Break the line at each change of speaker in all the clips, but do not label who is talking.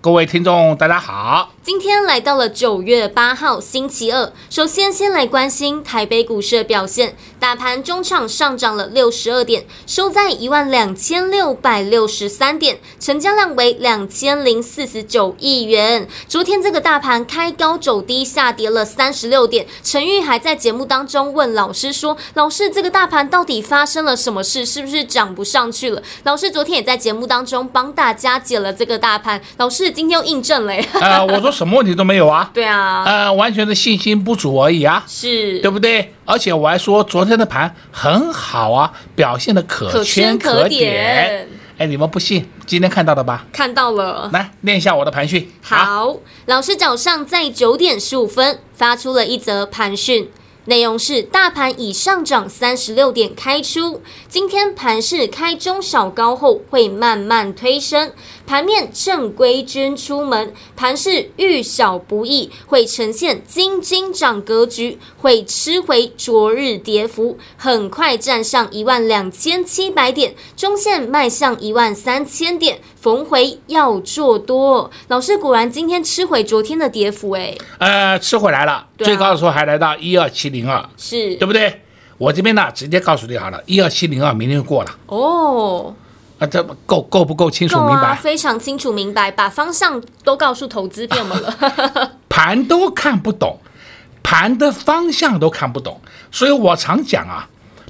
各位聽眾，大家好。
今天來到了九月八號星期二。首先，先來關心台北股市的表現。大盤中場上漲了六十二點，收在一萬兩千六百六十三點，成交量為兩千零四十九億元。昨天這個大盤開高走低，下跌了三十六點。陳玉還在節目當中問老師說：“老師，這個大盤到底發生了什麼事？是不是漲不上去了？”老師昨天也在節目當中幫大家解了這個大盤。老師。今天又印證了呀！呃，我
說什麼問題都沒有啊，對啊，呃，完全的信心不足而已啊，是對不對？而且我還說昨天的盤很好啊，表現的可圈可點。哎，你們不信？今天看到的吧？
看到了，
來念一下我的盤訊。
好，好老師早上在九點十五分發出了一則盤訊。內容是：大盤已上漲三十六點開出，今天盤勢開中小高後會慢慢推升，盤面正規軍出門，盤勢遇小不易，會呈現驚驚漲格局，會吃回昨日跌幅，很快站上一萬兩千七百點，中線邁向一萬三千點。逢回要做多，老師果然今天吃回昨天的跌幅，欸，
哎，呃，吃回來了，啊、最高的時候還來到一二七零二，是對不對？我這邊呢，直接告訴你好了，一二七零二明天就過了。
哦，oh,
啊，那這夠夠不夠清楚明白，啊？
非常清楚明白，把方向都告訴投資片們者們
了，， 啊。盤都看不懂，盤的方向都看不懂，所以我常講啊。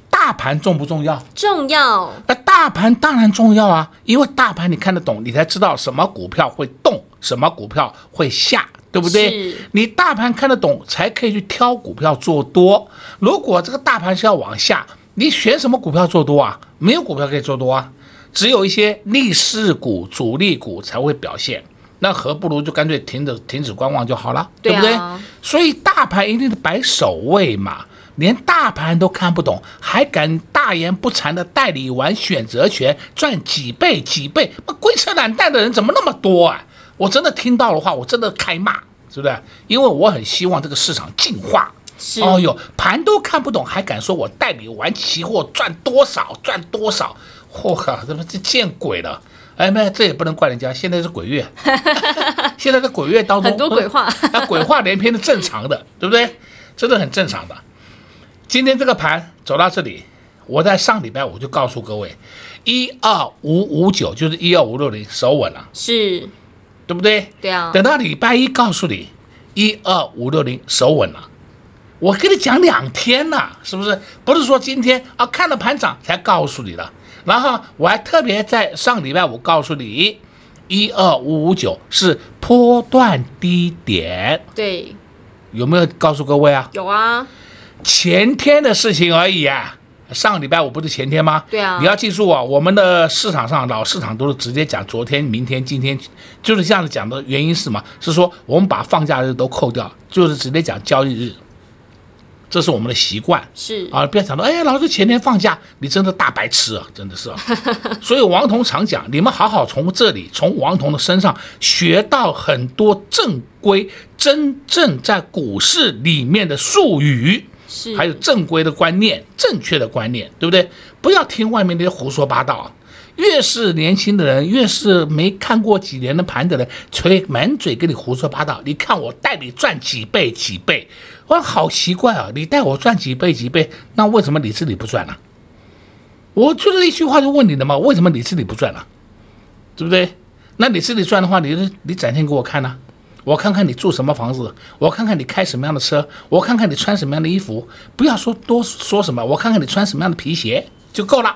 大盤重不重要？重要。那大盤當然重要啊，因為大盤你看得懂，你才知道什麼股票會動，什麼股票會下，對不對？是你大盤看得懂，才可以去挑股票做多。如果這個大盤是要往下，你選什麼股票做多啊？沒有股票可以做多啊，只有一些逆勢股、主力股才會表現。那何不如就乾脆停止停止觀望就好了，對啊，對不對？所以大盤一定是擺首位嘛。連大盤都看不懂，還敢大言不慚的代理玩選擇權賺幾倍幾倍？那鬼扯懶蛋的人怎麼那麼多啊？我真的聽到的話，我真的開罵，是不是？因為我很希望這個市場進化。是 哦喲，盤都看不懂，還敢說我代理玩期貨賺多少賺多少？我靠，他媽這見鬼了！哎媽，這也不能怪人家，現在是鬼月， 現在在鬼月當中， 很多鬼話，那 鬼話連篇是正常的，對不對？真的很正常的。今天這個盤走到這裡，我在上禮拜五就告訴各位，一二五五九就是一二五六零守穩了，是對不對？對啊。等到禮拜一告訴你一二五六零守穩了，我跟你講兩天了，是不是？不是說今天啊看了盤漲才告訴你了。然後我還特別在上禮拜五告訴你，一二五五九是波段低點，對，有沒有告訴各位啊？有啊。前天的事情而已啊，上個禮拜五不是前天嗎？對啊，你要記住啊，我們的市場上老市場都是直接講昨天、明天、今天，就是這樣子講的原因是什麼？是說我們把放假日都扣掉，就是直接講交易日，這是我們的習慣。是啊，不要想說哎呀，老師前天放假，你真的大白癡啊，真的是啊。所以王彤常講，你們好好從這裡，從王彤的身上學到很多正規、真正在股市裡面的術語。還有正規的觀念，正確的觀念，對不對？不要聽外面那些胡說八道啊。越是年輕的人，越是沒看過幾年的盤的人，吹滿嘴跟你胡說八道。你看我帶你賺幾倍幾倍，我說好奇怪啊，你帶我賺幾倍幾倍，那為什麼你自己不賺呢啊？我就是一句話就問你的嘛，為什麼你自己不賺了啊？對不對？那你自己賺的話，你你展現給我看呢啊？我看看你住什麼房子，我看看你開什麼樣的車，我看看你穿什麼樣的衣服，不要說多說什麼，我看看你穿什麼樣的皮鞋就夠了，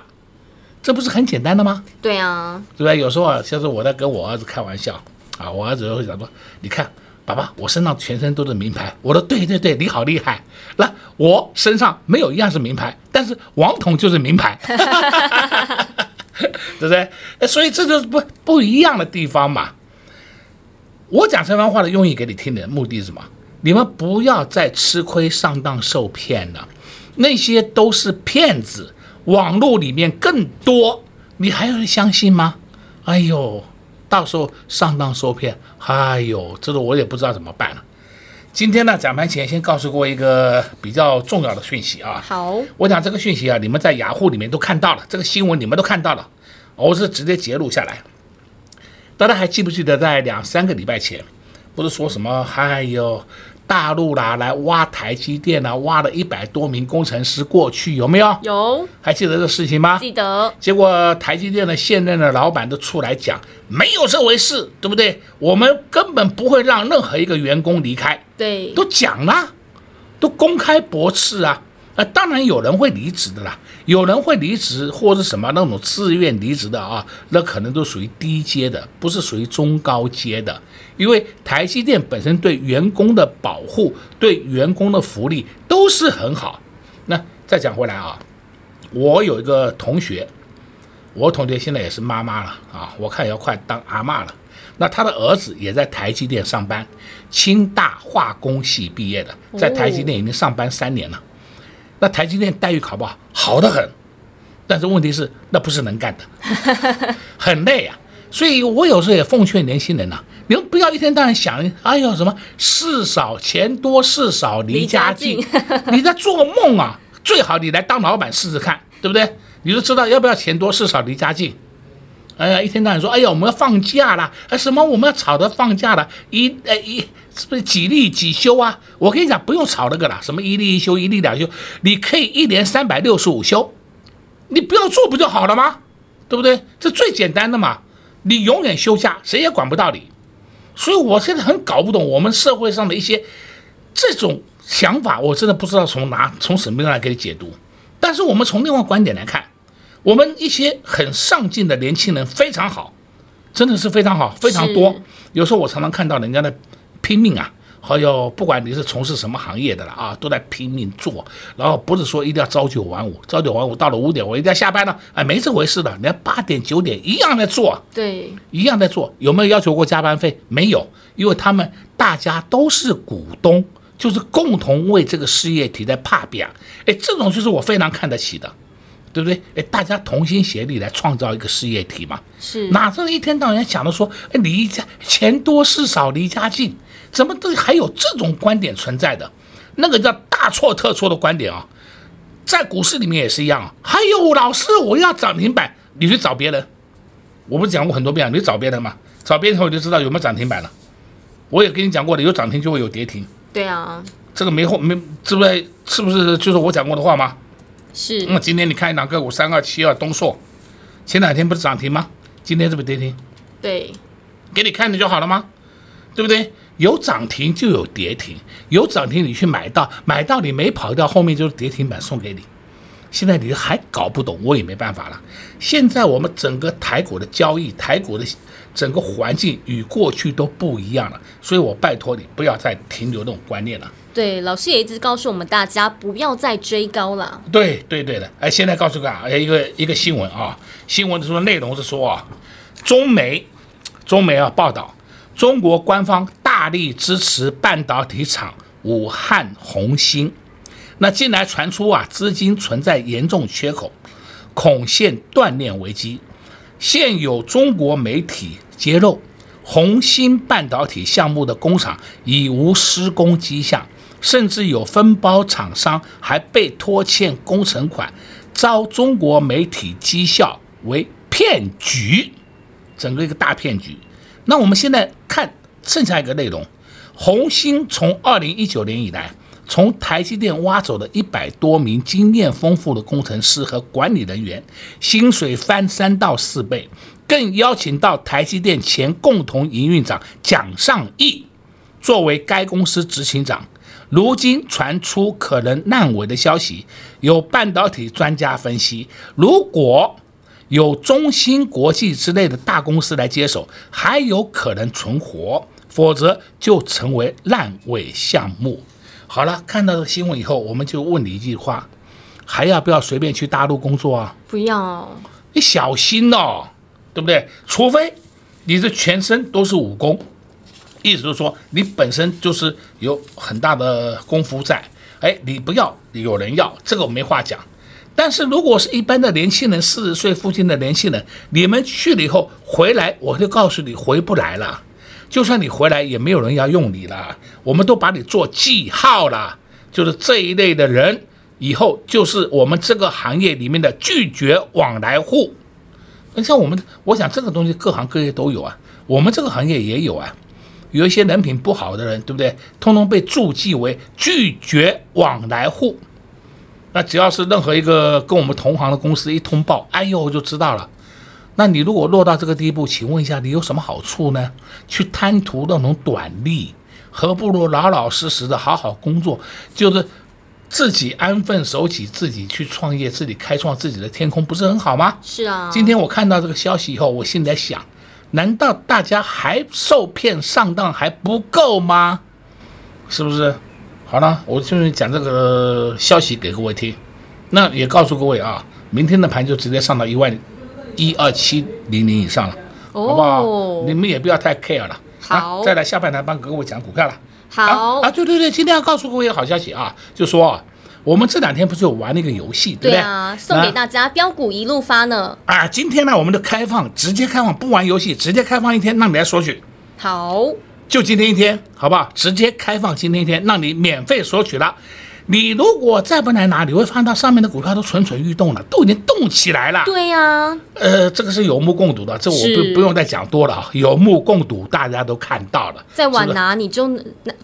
這不是很簡單的嗎？
對呀、
啊，對不對？有時候啊，像是我在跟我兒子開玩笑啊，我兒子會講說：“你看，爸爸，我身上全身都是名牌。”我說：“對對對，你好厲害。來”那我身上沒有一樣是名牌，但是王統就是名牌， 對不對？所以這就是不不一樣的地方嘛。我講這番話的用意，給你聽的目的是什麼？你們不要再吃虧上當受騙了，那些都是騙子，網絡裡面更多，你還要相信嗎？哎呦，到時候上當受騙，哎呦，這個我也不知道怎麼辦了。今天呢，講盤前先告訴各位一個比較重要的訊息啊。好，我講這個訊息啊，你們在雅虎裡面都看到了，這個新聞你們都看到了，我是直接截錄下來。大家還記不記得在兩三個禮拜前，不是說什麼還有大陸啦、啊、來挖台積電啦、啊，挖了一百多名工程師過去，有沒有？有，還記得這個事情嗎？記得。結果台積電的現任的老闆都出來講，沒有這回事，對不對？我們根本不會讓任何一個員工離開。對，都講了，都公開駁斥啊。呃，那當然有人會離職的啦，有人會離職或者是什麼那種自願離職的啊，那可能都屬於低階的，不是屬於中高階的。因為台積電本身對員工的保護、對員工的福利都是很好。那再講回來啊，我有一個同學，我同學現在也是媽媽了啊，我看也要快當阿嬤了。那他的兒子也在台積電上班，清大化工系畢業的，在台積電已經上班三年了。那台積電待遇好不好？好的很，但是問題是那不是能幹的，很累啊。所以我有時候也奉勸年輕人吶、啊，你們不要一天到晚想，哎呦什麼事少錢多事少離家近，家你在做夢啊！最好你來當老闆試試看，對不對？你就知道要不要錢多事少離家近。哎呀，一天到晚說，哎呀，我們要放假了，啊什麼我們要吵着放假了，一呃、哎，一是不是幾例幾休啊？我跟你講，不用吵那個了，什麼一例一休、一例兩休，你可以一年三百六十五休，你不要做不就好了嗎？對不對？這最簡單的嘛，你永遠休假，誰也管不到你。所以我現在很搞不懂我們社會上的一些這種想法，我真的不知道從哪從什麼來給你解讀。但是我們從另外觀點來看。我們一些很上進的年輕人非常好，真的是非常好，非常多。是有時候我常常看到人家的拼命啊，還有不管你是從事什麼行業的了啊，都在拼命做。然後不是說一定要朝九晚五，朝九晚五到了五點我一定要下班了，哎，沒這回事的，你要八點九點一樣在做，
對，
一樣在做。有沒有要求過加班費？沒有，因為他們大家都是股東，就是共同為這個事業體在打拼啊，哎，這種就是我非常看得起的。對不對？哎，大家同心協力來創造一個事業體嘛。是，哪知道一天到晚想着說，哎，離家錢多事少，離家近，怎麼都還有這種觀點存在的？那個叫大錯特錯的觀點啊！在股市裡面也是一樣啊。還有老師，我要漲停板，你去找別人。我不是講過很多遍了啊，你去找別人嘛，找別人我就知道有沒有漲停板了。我也跟你講過了，有漲停就會有跌停。對啊。這個沒後，沒，這不是是不是就是我講過的話嗎？是，那、嗯、今天你看一檔個股？三二七二東碩，前兩天不是漲停嗎？今天是不是跌停？對，給你看的就好了嗎？對不對？有漲停就有跌停，有漲停你去買到，買到你沒跑掉，後面就是跌停板送給你。現在你還搞不懂，我也沒辦法了。現在我們整個台股的交易，台股的整個環境與過去都不一樣了，所以我拜托你不要再停留這種觀念了。
對，老師也一直告訴我們大家不要再追高了。
對，對，對的。哎，現在告訴個啊，一個一個新聞啊，新聞的說內容是說啊，中美，中美啊報道，中國官方大力支持半導體廠武漢弘芯。那近來傳出啊，資金存在嚴重缺口，恐現斷鏈危機。現有中國媒體揭露，弘芯半導體項目的工廠已無施工跡象。甚至有分包廠商還被拖欠工程款，遭中國媒體譏笑為騙局，整個一個大騙局。那我們現在看剩下一個內容，紅星從二零一九年以來，從台積電挖走的一百多名經驗豐富的工程師和管理人員，薪水翻三到四倍，更邀請到台積電前共同營運長蔣尚義作為該公司執行長。如今傳出可能爛尾的消息，有半導體專家分析，如果有中芯國際之類的大公司來接手，還有可能存活，否則就成為爛尾項目。好了，看到這新聞以後，我們就問你一句話，還要不要隨便去大陸工作啊？不要，你小心哦，對不對？除非你這全身都是武功。意思就是說，你本身就是有很大的功夫在，哎，你不要你有人要這個我沒話講，但是如果是一般的年輕人，四十歲附近的年輕人，你們去了以後回來，我就告訴你回不來了，就算你回來也沒有人要用你了，我們都把你做記號了，就是這一類的人以後就是我們這個行業裡面的拒絕往來戶。那像我們，我想這個東西各行各業都有啊，我們這個行業也有啊。有一些人品不好的人，對不對？通通被註記為拒絕往來戶。那只要是任何一個跟我們同行的公司一通報，哎呦、哦，就知道了。那你如果落到這個地步，請問一下，你有什麼好處呢？去貪圖那種短利，何不如老老實實的好好工作？就是自己安分守己，自己去創業，自己開創自己的天空，不是很好嗎？是啊。今天我看到這個消息以後，我心裡在想。難道大家還受騙上當還不夠嗎？是不是？好了，我就是講這個消息給各位聽。那也告訴各位啊，明天的盤就直接上到一萬一二七零零以上
了，好不好？Oh,
你們也不要太 care 了。好、啊，再來下半場幫各位講股票了。好啊，啊，對對對，今天要告訴各位一個好消息啊，就說啊。我們這兩天不是有玩那個遊戲，對不啊，送給大
家標股一路發呢。
啊，今天呢，我們就開放，直接開放，不玩遊戲，直接開放一天，讓你來索取。好，就今天一天，好不好？直接開放今天一天，讓你免費索取了。你如果再不來拿，你會看到上面的股票都蠢蠢欲動了，都已經動起來了。對呀、啊，呃，這個是有目共睹的，這我不不用再講多了，是啊、有目共睹，大家都看到了。再晚拿
是是你就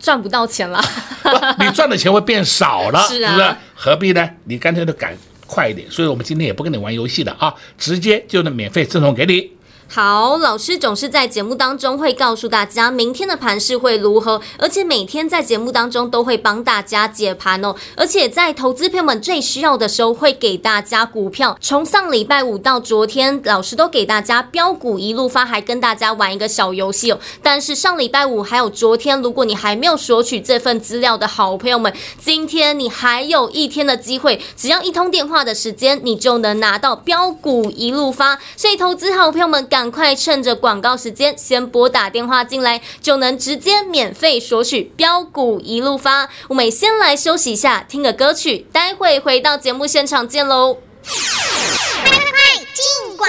賺不到錢了，
你賺的錢會變少了，是，啊、是不是？何必呢？你乾脆都趕快一點。所以我們今天也不跟你玩遊戲了啊，直接就能免費贈送給你。
好，老師總是在節目當中會告訴大家明天的盤勢會如何，而且每天在節目當中都會幫大家解盤哦。而且在投資朋友們最需要的時候，會給大家股票。從上禮拜五到昨天，老師都給大家標股一路發，還跟大家玩一個小遊戲哦。但是上禮拜五還有昨天，如果你還沒有索取這份資料的好朋友們，今天你還有一天的機會，只要一通電話的時間，你就能拿到標股一路發。所以，投資好朋友們，趕。趕快趁着廣告時間先撥打電話進來，就能直接免費索取標股一路發。我們先來休息一下，聽個歌曲，待會回到節目現場見嘍。進廣告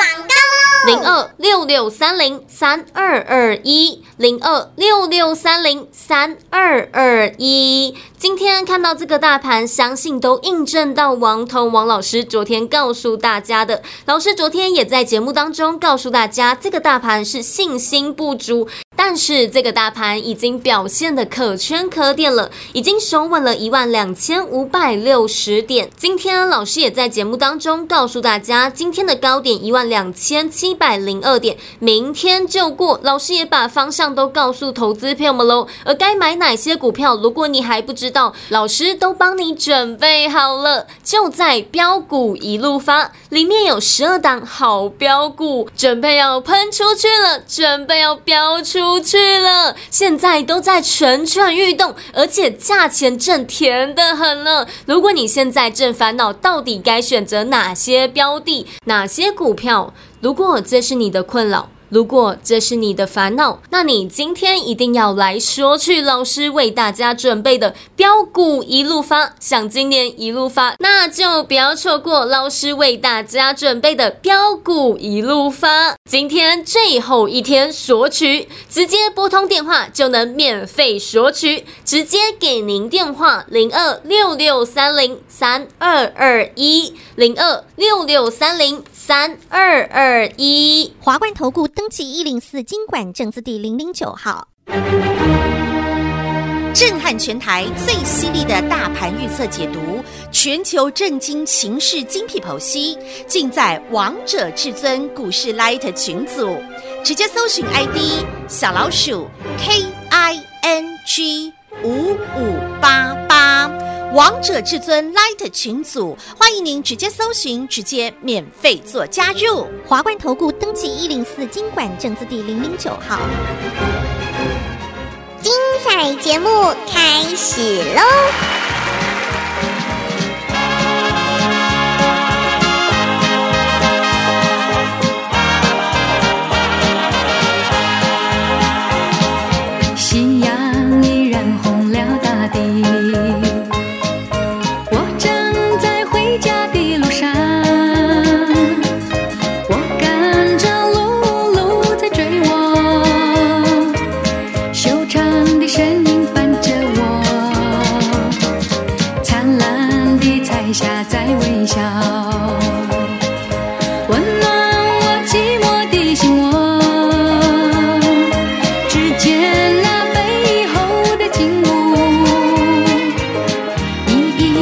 嘍，零二六六三零三二二一，零二六六三零三二二一。今天看到這個大盤，相信都印證到王同王老師昨天告訴大家的。老師昨天也在節目當中告訴大家，這個大盤是信心不足。但是這個大盤已經表現得可圈可點了，已經收穩了一萬兩千五百六十點。今天啊，老師也在節目當中告訴大家，今天的高點一萬兩千七百零二點，明天就過。老師也把方向都告訴投資朋友們嘍，而該買哪些股票，如果你還不知道，老師都幫你準備好了，就在飆股一路發裡面有十二檔好飆股，準備要噴出去了，準備要飆出不去了，現在都在蠢蠢欲動，而且價錢正甜得很呢。如果你現在正煩惱到底該選擇哪些標的、哪些股票，如果這是你的困擾。如果這是你的煩惱，那你今天一定要來索取老師為大家準備的飆股一路發。想今年一路發，那就不要錯過老師為大家準備的飆股一路發。今天最後一天索取，直接撥通電話就能免費索取，直接給您電話零二六六三零三二二一零二六六三零三二二一，3, 2, 2, 華冠投顧登記一零四金管證字第零零九號。震撼全台最犀利的大盤預測解讀，全球震驚情勢精闢剖析，盡在王者至尊股市 Light 群組，直接搜尋 ID 小老鼠 K I N G。五五八八王者至尊 Lite 群組，歡迎您直接搜尋，直接免費做加入。華冠投顧登記一零四金管證字第零零九號。精彩節目開始嘍！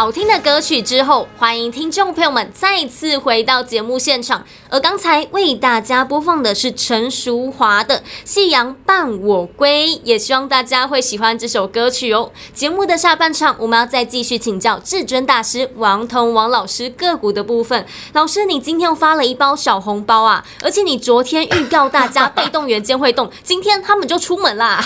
好聽的歌曲之後，歡迎聽眾朋友們再次回到節目現場。而剛才為大家播放的是陳淑樺的《夕陽伴我歸》，也希望大家會喜歡這首歌曲哦。節目的下半場，我們要再繼續請教至尊大師王彤王老師個股的部分。老師，你今天又發了一包小紅包啊！而且你昨天預告大家被動元件會動， 今天他們就出門啦。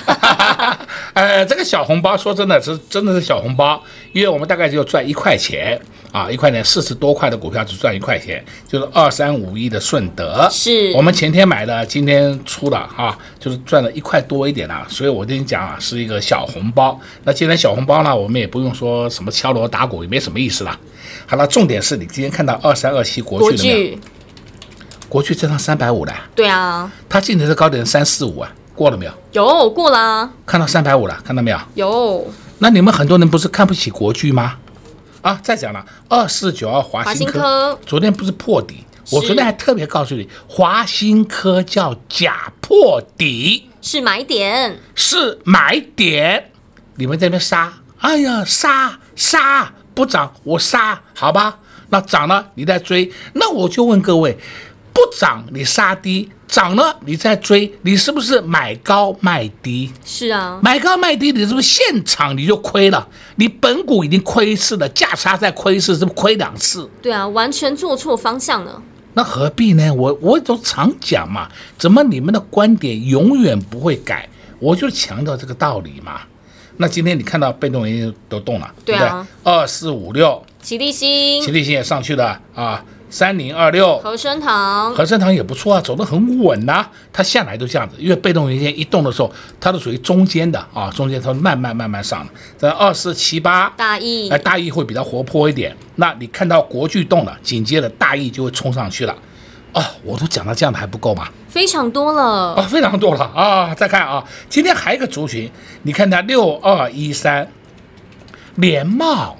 呃，這個小紅包，說真的是，是真的是小紅包，因為我們大概就賺。一塊錢啊，一塊錢，四十多塊的股票只賺一塊錢，就是二三五一的順德，是我們前天買的，今天出了哈，就是賺了一塊多一點了。所以我跟你講啊，是一個小紅包。那既然小紅包呢，我們也不用說什麼敲鑼打鼓，也沒什麼意思了。好了，重點是你今天看到二三二七國巨了沒有？國巨這趟三百五的，
對啊，
它鏡頭是高點三四五啊，過了沒有？
有過了，
看到三百五了，看到沒有？有。那你們很多人不是看不起國巨嗎？啊，再講了，二四九二華新科，新科昨天不是破底？是我昨天還特別告訴你，華新科叫假破底，
是買點，是
買點，你們這邊殺，哎呀，殺殺不漲我殺，好吧，那漲了你再追，那我就問各位，不漲你殺低。漲了，你再追，你是不是買高賣低？是啊，買高賣低，你是不是現場你就虧了？你本股已經虧一次了，價差再虧一次，是不是虧兩次？
對啊，完全做錯方向了。
那何必呢？我我都常講嘛，怎麼你們的觀點永遠不會改？我就強調這個道理嘛。那今天你看到被動人家都動了，對啊，對不對？二四五六，
奇力新，奇
力新也上去了啊。三零二六
禾伸堂，禾
伸堂也不錯啊，走得很穩吶、啊。它向來都這樣子，因為被動元件一動的時候，它都屬於中間的啊，中間它慢慢慢慢上。在二四七八大毅翼、呃，大毅會比較活潑一點。那你看到國巨動了，緊接着大毅就會衝上去了。啊、哦，我都講到這樣的還不夠嗎？
非常多了
啊、哦，非常多了啊。再看啊，今天還有一個族群，你看它六二一三，6, 2, 1, 3，聯茂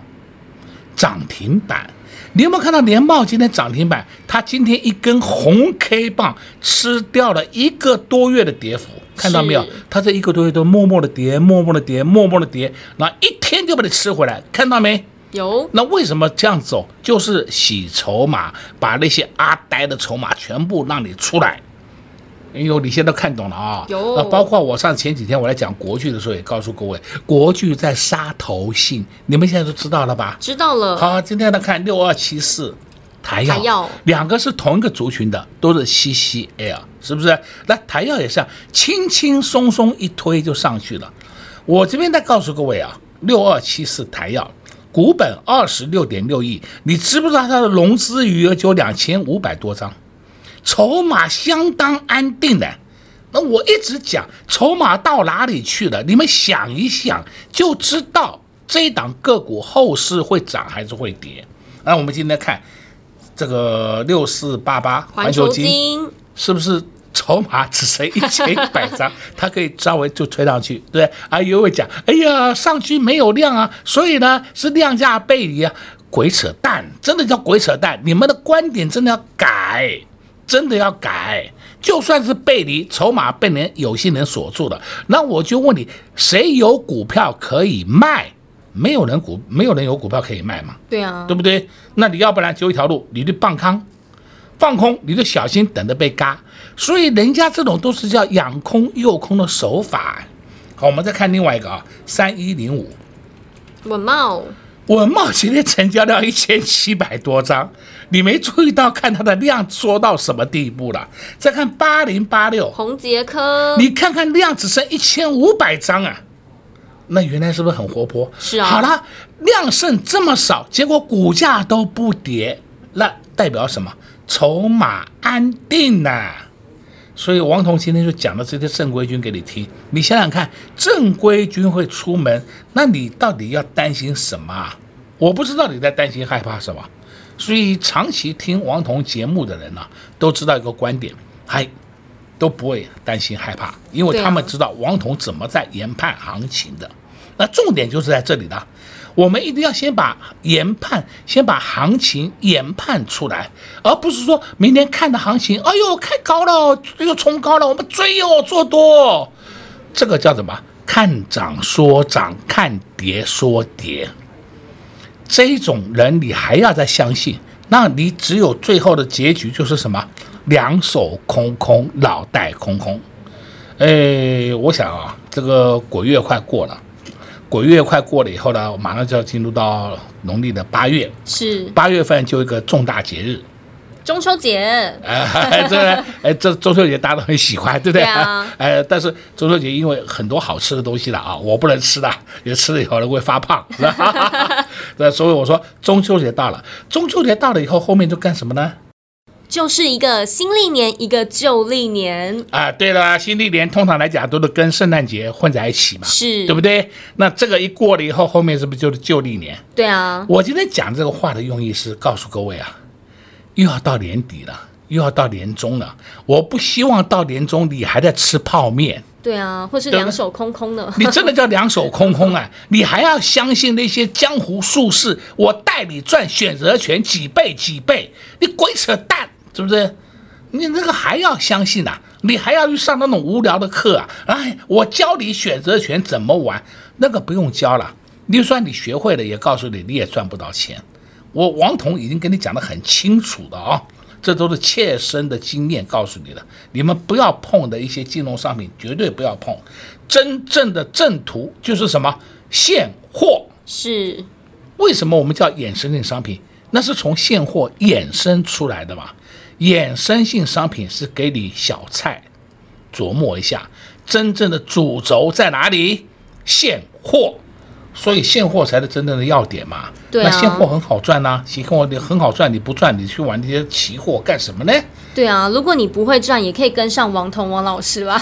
漲停板。你有沒有看到聯茂今天漲停板？它今天一根紅 K 棒吃掉了一個多月的跌幅，看到沒有？它是這一個多月都默默的跌，默默的跌，默默的跌，那一天就把它吃回來，看到沒有？有。那為什麼這樣走？就是洗籌碼，把那些阿呆的籌碼全部讓你出來。哎呦，你現在都看懂了啊！有，包括我上前幾天我來講國巨的時候，也告訴各位，國巨在殺頭性，你們現在都知道了吧？知
道了。好，
今天來看六二七四，台燿，兩個是同一個族群的，都是 CCL，是不是？來，台燿也是啊，輕輕鬆鬆一推就上去了。我這邊再告訴各位啊，六二七四台燿，股本二十六點六億，你知不知道它的融資餘額就兩千五百多張？籌碼相當安定的，那我一直講籌碼到哪裡去了？你們想一想就知道這一檔個股後市會漲還是會跌。啊，那我們今天看這個六四八八環球晶，是不是籌碼只剩一千一百張？它可以稍微就推上去，對啊，有人講，哎呀，上去沒有量啊，所以呢是量價背離啊，鬼扯淡，真的叫鬼扯淡！你們的觀點真的要改。真的要改，就算是背離，籌碼被人有些人鎖住了，那我就問你，誰有股票可以賣？沒有人股，沒有人有股票可以賣嘛？對啊，對不對？那你要不然就一條路，你就放空，放空，你就小心等着被軋。所以人家這種都是叫養空誘空的手法。好，我們再看另外一個啊，三一零五，
穩懋。
我們茂旗的成交量一千七百多張，你沒注意到看它的量縮到什麼地步了？再看八零八六
宏捷科，你
看看量只剩一千五百張啊，那原來是不是很活潑？是啊。好了，量剩這麼少，結果股價都不跌，那代表什麼？籌碼安定啊。所以王彤今天就講了這些正規軍給你聽，你想想看，正規軍會出門，那你到底要擔心什麼啊？我不知道你在擔心害怕什麼。所以長期聽王彤節目的人呢、啊，都知道一個觀點，嗨，都不會擔心害怕，因為他們知道王彤怎麼在研判行情的。那重點就是在這裡的。我們一定要先把研判，先把行情研判出來，而不是說明天看的行情，哎呦太高了，又衝高了，我們追哦，做多，這個叫什麼？看漲說漲，看跌說跌，這種人你還要再相信，那你只有最後的結局就是什麼？兩手空空，腦袋空空。哎，我想啊，這個鬼月快過了。九月快過了以後呢，我馬上就要進入到農曆的八月，是八月份就一個重大節日，
中秋節。
哎，這哎這中秋節大家都很喜歡，對不對？對啊，哎，但是中秋節因為很多好吃的東西了啊，我不能吃的，也吃了以後呢會發胖。那 所以我說中秋節到了，中秋節到了以後後面就幹什麼呢？
就是一個新曆年，一個舊曆年
啊。對了，新曆年通常來講都是跟聖誕節混在一起嘛，是對不對？那這個一過了以後，後面是不是就是舊曆年？
對啊。我
今天講這個話的用意是告訴各位啊，又要到年底了，又要到年終了。我不希望到年終你還在吃泡麵，
對啊，或是兩手空空的。你真
的叫兩手空空啊？ 你還要相信那些江湖術士？我帶你賺選擇權幾倍幾倍？你鬼扯淡。是不是？你那個還要相信吶、啊？你還要去上那種無聊的課啊？哎，我教你選擇權怎麼玩，那個不用教了。你就算你學會了，也告訴你你也賺不到錢。我王彤已經跟你講的很清楚的啊、哦，這都是切身的經驗告訴你的。你們不要碰的一些金融商品，絕對不要碰。真正的正途就是什麼？現貨。是。為什麼我們叫衍生性商品？那是從現貨衍生出來的嘛？衍生性商品是給你小菜，琢磨一下，真正的主軸在哪裡？現貨，所以現貨才是真正的要點嘛。那現貨很好賺吶、啊，現貨你很好賺，你不賺，你去玩那些期貨幹什麼呢？
對啊，如果你不會賺，也可以跟上王彤王老師吧。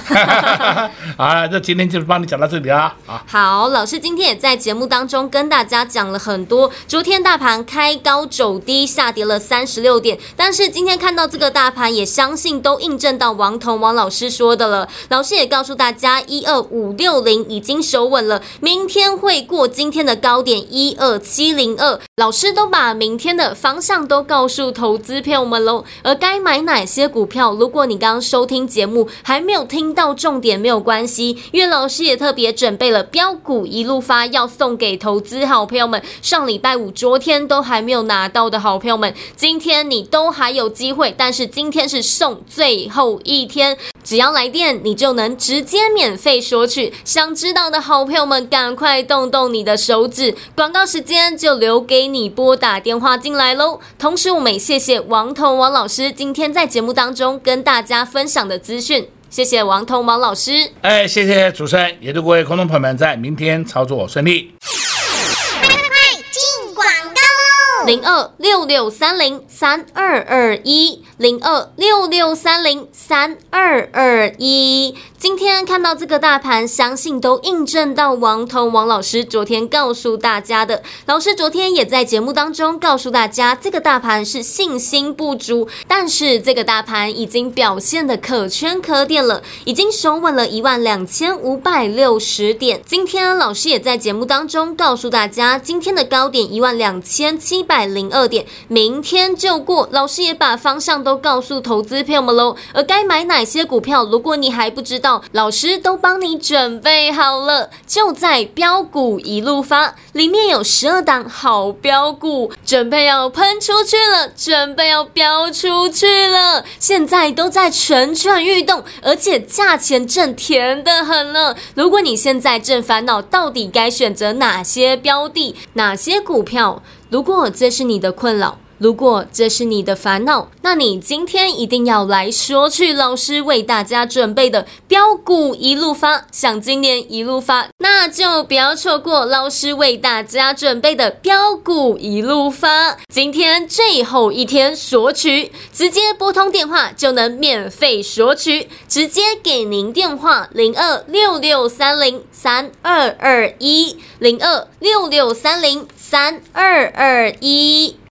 啊， 那今天就幫你講到這裡啦。啊，好，
好，老師今天也在節目當中跟大家講了很多。昨天大盤開高走低，下跌了三十六點，但是今天看到這個大盤，也相信都印證到王彤王老師說的了。老師也告訴大家，一二五六零已經守穩了，明天會過今天的高點一二七零。二老師都把明天的方向都告訴投資朋友們嘍，而該買哪些股票，如果你剛剛收聽節目還沒有聽到重點，沒有關係，岳老師也特別準備了標股一路發，要送給投資好朋友們。上禮拜五、昨天都還沒有拿到的好朋友們，今天你都還有機會，但是今天是送最後一天，只要來電，你就能直接免費索取。想知道的好朋友們，趕快動動你的手指。廣告時間就留。留給你撥打電話進來嘍。同時，我們也謝謝王通王老師今天在節目當中跟大家分享的資訊。謝謝王通王老師。
哎，謝謝主持人，也祝各位觀眾朋友們在明天操作我順利。快
快進廣告。零二六六三零三二二一，零二六六三零三二二一。今天看到這個大盤，相信都印證到王彤王老師昨天告訴大家的。老師昨天也在節目當中告訴大家，這個大盤是信心不足，但是這個大盤已經表現得可圈可點了，已經守穩了一萬兩千五百六十點。今天老師也在節目當中告訴大家，今天的高點一萬兩千七百零二點，明天就過。老師也把方向都告訴投資朋友們嘍，而該買哪些股票，如果你還不知道。老師都幫你準備好了，就在飆股一路發，裡面有十二檔好飆股，準備要噴出去了，準備要飆出去了，現在都在蠢蠢欲動，而且價錢正甜得很了。如果你現在正煩惱到底該選擇哪些標的、哪些股票，如果這是你的困擾。如果這是你的煩惱，那你今天一定要來索取老師為大家準備的飆股一路發，想今年一路發，那就不要錯過老師為大家準備的飆股一路發。今天最後一天索取，直接撥通電話就能免費索取，直接給您電話零二六六三零三二二一零二六六三零三二二一。